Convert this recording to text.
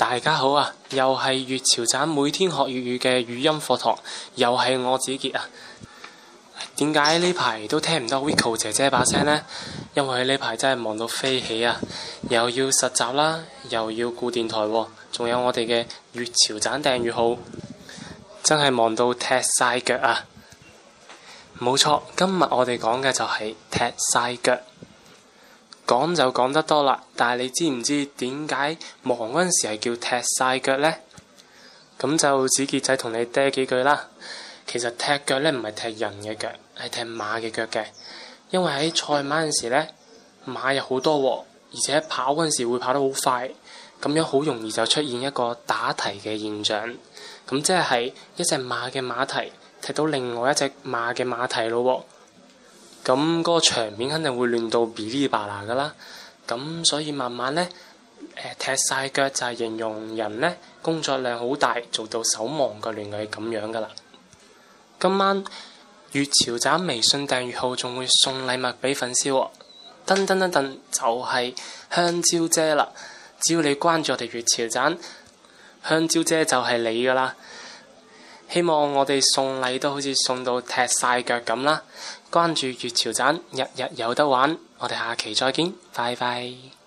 大家好啊！又係粵潮盞每天學粵語嘅語音課堂，又係我子杰啊！點解呢排都聽唔到 Vico 姐姐把聲呢？因為呢排真係忙到飛起啊！又要實習啦、啊，又要顧電台、啊，仲有我哋嘅粵潮盞訂閱號，真係忙到踢晒腳啊！冇錯，今日我哋講嘅就係踢晒腳。講就講得多啦，但係你知唔知點解忙嗰陣時係叫踢晒腳呢？咁就指傑仔同你嗲幾句啦。其實踢腳咧唔係踢人嘅腳，係踢馬嘅腳嘅。因為喺賽馬嗰陣時咧，馬有好多喎、啊，而且跑嗰陣時會跑得好快，咁樣好容易就出現一個打蹄嘅現象。咁即係一隻馬嘅馬蹄踢到另外一隻馬嘅馬蹄咯喎、啊。咁嗰、嗯那個場面肯定會亂到噼哩啪啦噶啦，咁、嗯、所以慢慢咧、呃，踢晒腳就係形容人咧工作量好大，做到手忙腳亂嘅咁樣噶啦。今晚粵潮盞微信訂閱號仲會送禮物俾粉絲喎，噔噔噔噔，噔就係、是、香蕉姐啦，只要你關注我哋粵潮盞，香蕉姐就係你噶啦。希望我哋送禮都好似送到踢晒腳咁啦！關注月潮盞，日日有得玩。我哋下期再見，拜拜。